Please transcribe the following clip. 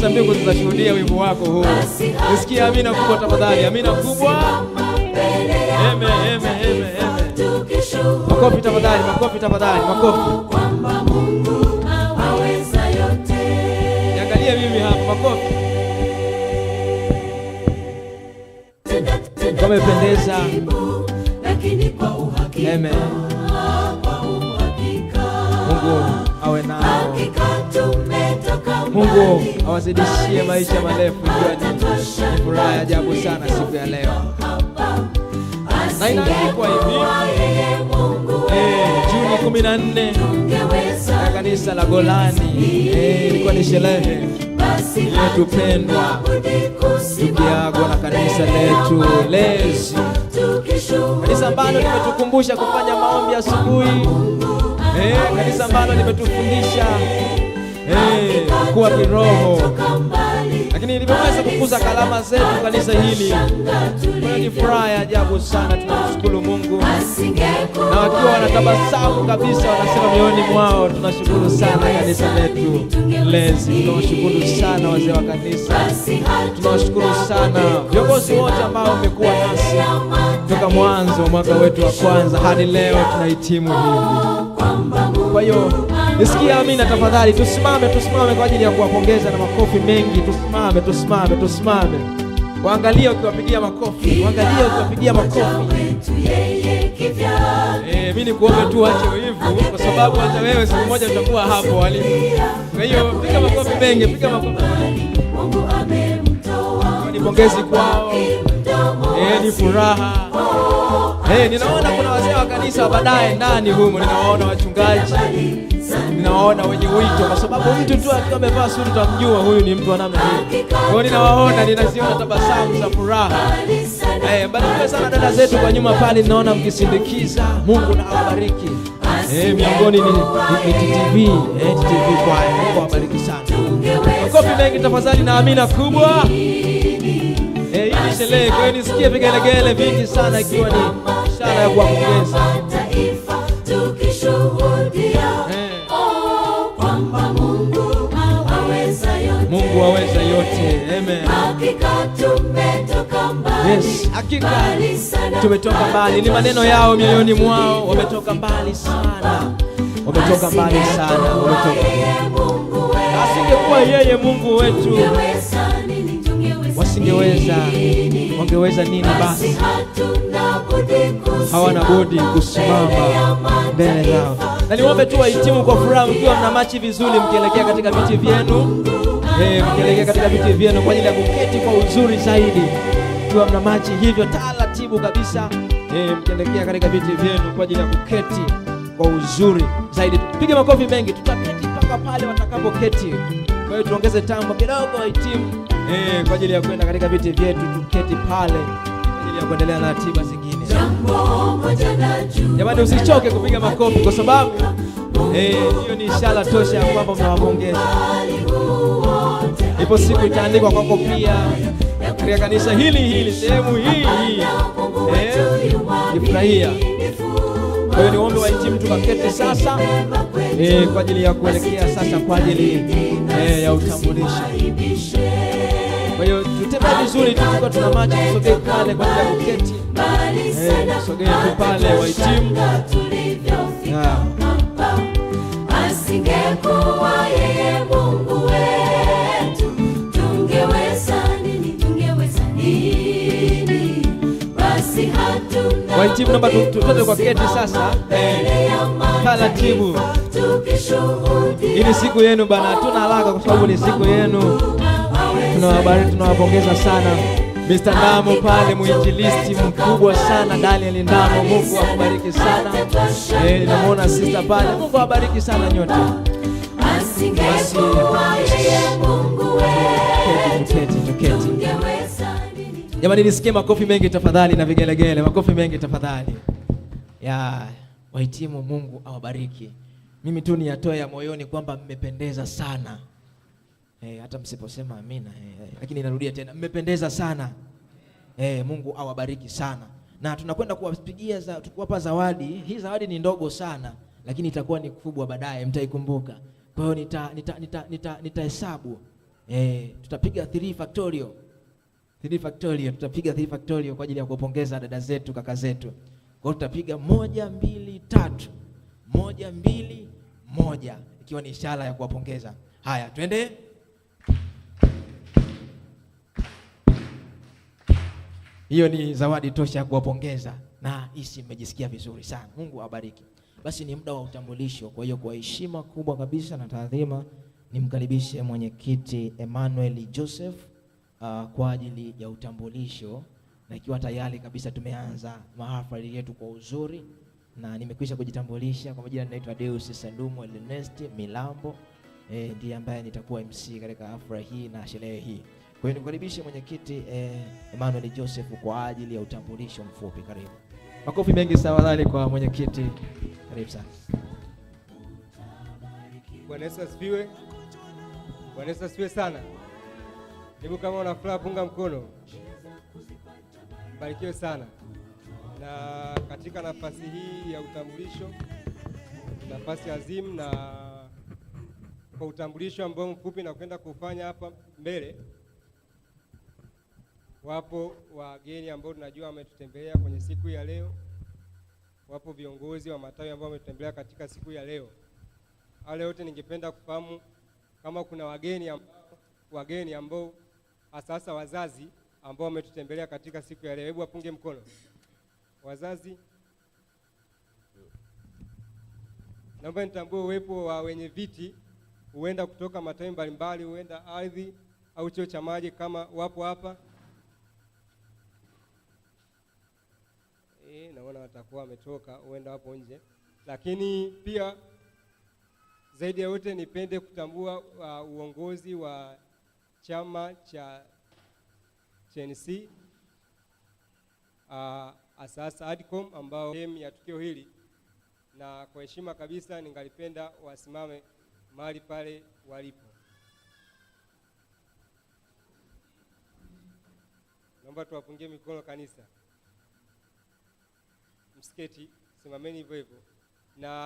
za mbingu zitashuhudia wimbo wako huu. Usikie amina kubwa tafadhali, amina kubwa. Eme, eme, eme, eme. Makofi tafadhali, makofi tafadhali, makofi. Niangalie mimi hapa, makofi. Kamependeza. Amen. Mungu awe nao. Mungu awazidishie maisha marefu. Jua ni furaha ya ajabu sana siku ya leo, na inaandikwa hivi eh, Juni kumi na nne kanisa la Golani, eh, ilikuwa ni sherehe iliyotupendwa tukiagwa na kanisa letu lezi, kanisa ambalo limetukumbusha kufanya maombi asubuhi, eh, kanisa ambalo limetufundisha kuwa kiroho, lakini ilivyoweza kukuza kalama zetu kanisa hili, ni furaha ya ajabu sana. Tunamshukuru Mungu, na wakiwa wanatabasamu kabisa wanasema mioyoni mwao, tunashukuru sana kanisa letu lezi, tunawashukuru sana wazee wa kanisa, tunawashukuru sana viongozi wote ambao wamekuwa nasi toka mwanzo wa mwaka wetu wa kwanza hadi leo tunahitimu hivi. Kwa hiyo nisikia amina tafadhali. Tusimame, tusimame kwa ajili ya kuwapongeza na makofi mengi. Tusimame, tusimame, tusimame. waangalie ukiwapigia makofi, waangalie ukiwapigia makofi. Eh, mimi nikuombe tu ache hivyo, kwa sababu hata wewe siku moja utakuwa hapo walimu. Kwa hiyo piga makofi mengi, piga makofi. Mungu amemtoa. Ni pongezi kwao. Eh, ni furaha Hey, ninaona kuna wazee wa kanisa baadaye ndani humo, ninaona wachungaji, ninaona wenye wito, kwa sababu mtu tu akiwa amevaa suti utamjua huyu ni mtu wa namna hii. Kwa hiyo ninawaona, ninaziona tabasamu za furaha. Hey, eh, barikiwe sana dada zetu kwa nyuma pale, ninaona mkisindikiza. Mungu na awabariki. hey, eh, miongoni ni TTV, eh, TTV kwa kwa bariki sana. Makofi mengi tafadhali na amina kubwa. Eh, hii ni sherehe, kwa hiyo nisikie vigelegele vingi sana ikiwa ni ishara ya kuwapongeza eh. oh, Mungu waweza yote, Amen. Hakika tumetoka mbali, yes, hakika tumetoka mbali. Ni maneno yao mioyoni mwao, wametoka mbali sana, wametoka mbali sana, wametoka asingekuwa yeye Mungu wetu wasingeweza, wangeweza nini basi? hawana budi kusimama mbele yao. Na niombe tu wahitimu kwa furaha, mkiwa mna machi vizuri, mkielekea katika viti vyenu, eh, mkielekea katika viti vyenu kwa ajili ya kuketi kwa uzuri zaidi, mkiwa mna machi hivyo taratibu kabisa, eh, mkielekea katika viti vyenu kwa ajili ya kuketi kwa uzuri zaidi. Tupige makofi mengi, tutaketi mpaka pale watakapoketi. Kwa hiyo tuongeze tambo kidogo wahitimu, eh, kwa ajili ya kwenda katika viti vyetu, tuketi pale ajili ya kuendelea na ratiba zingine. Jamani, usichoke kupiga makofi kwa sababu eh, hiyo ni ishara tosha ya kwamba mnawapongeza. Ipo siku itaandikwa kwako pia katika kanisa hili hili sehemu hii hii eh, ifurahia. Kwa hiyo niombe mtu tukaketi sasa eh, kwa ajili ya kuelekea sasa kwa ajili ya utambulisho. Kwa hiyo tutembee vizuri tukiwa tuna macho, tusogee pale kwa ajili ya kuketi, eh, tusogee tu pale wahitimu. Asingekuwa yeye Mungu wetu, wahitimu, naomba tutoke kwa keti sasa eh, taratibu. Hii ni siku yenu bana, hatuna haraka kwa sababu ni siku yenu tunawabariki, tunawapongeza sana Mr. Ndamo pale mwinjilisti mkubwa sana Daniel Ndamo, Mungu akubariki sana. Eh, nimeona sister pale, Mungu awabariki sana nyote. Jamani, nisikie makofi mengi tafadhali na vigelegele, makofi mengi tafadhali. Ya wahitimu, Mungu awabariki. Mimi tu niyatoe ya moyoni kwamba mmependeza sana eh, hata msiposema amina eh, eh, lakini narudia tena, mmependeza sana eh, Mungu awabariki sana, na tunakwenda kuwapigia za, kuwapa zawadi. Hii zawadi ni ndogo sana, lakini itakuwa ni kubwa baadaye, mtaikumbuka. Kwa hiyo nita, nita, nita, nita, nita eh, tutapiga 3 factorial 3 factorial, tutapiga 3 factorial kwa ajili ya kuwapongeza dada zetu kaka zetu. Kwa hiyo tutapiga moja mbili tatu moja mbili moja, ikiwa ni ishara ya kuwapongeza. Haya, twende. Hiyo ni zawadi tosha ya kuwapongeza, na hisi mmejisikia vizuri sana. Mungu awabariki. Basi ni muda wa utambulisho. Kwa hiyo kwa heshima kubwa kabisa na taadhima, nimkaribishe mwenyekiti Emmanuel Joseph uh, kwa ajili ya utambulisho, na ikiwa tayari kabisa tumeanza mahafali yetu kwa uzuri, na nimekwisha kujitambulisha kwa majina, naitwa Deus Sandumo Ernest Milambo, eh, ndiye ambaye nitakuwa MC katika hafla hii na sherehe hii. Kwa hiyo nimkaribishe mwenyekiti eh, Emmanuel Joseph kwa ajili ya utambulisho mfupi. Karibu. Makofi mengi tafadhali kwa mwenyekiti. Karibu sana. Bwana Yesu asifiwe. Bwana Yesu asifiwe sana. Hebu kama una furaha punga mkono. Barikiwe sana. Na katika nafasi hii ya utambulisho, nafasi azimu, na kwa utambulisho ambao mfupi na kwenda kufanya hapa mbele wapo wageni ambao tunajua wametutembelea kwenye siku ya leo, wapo viongozi wa matawi ambao wametutembelea katika siku ya leo. Wale wote ningependa kufahamu kama kuna wageni ambao, wageni ambao hasahasa wazazi ambao wametutembelea katika siku ya leo, hebu wapunge mkono wazazi. Naomba nitambue uwepo wa wenye viti, huenda kutoka matawi mbalimbali, huenda ardhi au chuo cha maji, kama wapo hapa. e, naona watakuwa wametoka, huenda wapo nje, lakini pia zaidi ya yote nipende kutambua uh, uongozi wa chama cha CHNC uh, asasa ADCOM ambao sehemu ya tukio hili, na kwa heshima kabisa ningalipenda wasimame mahali pale walipo. Naomba tuwapungie mikono kanisa msiketi, simameni hivyo hivyo na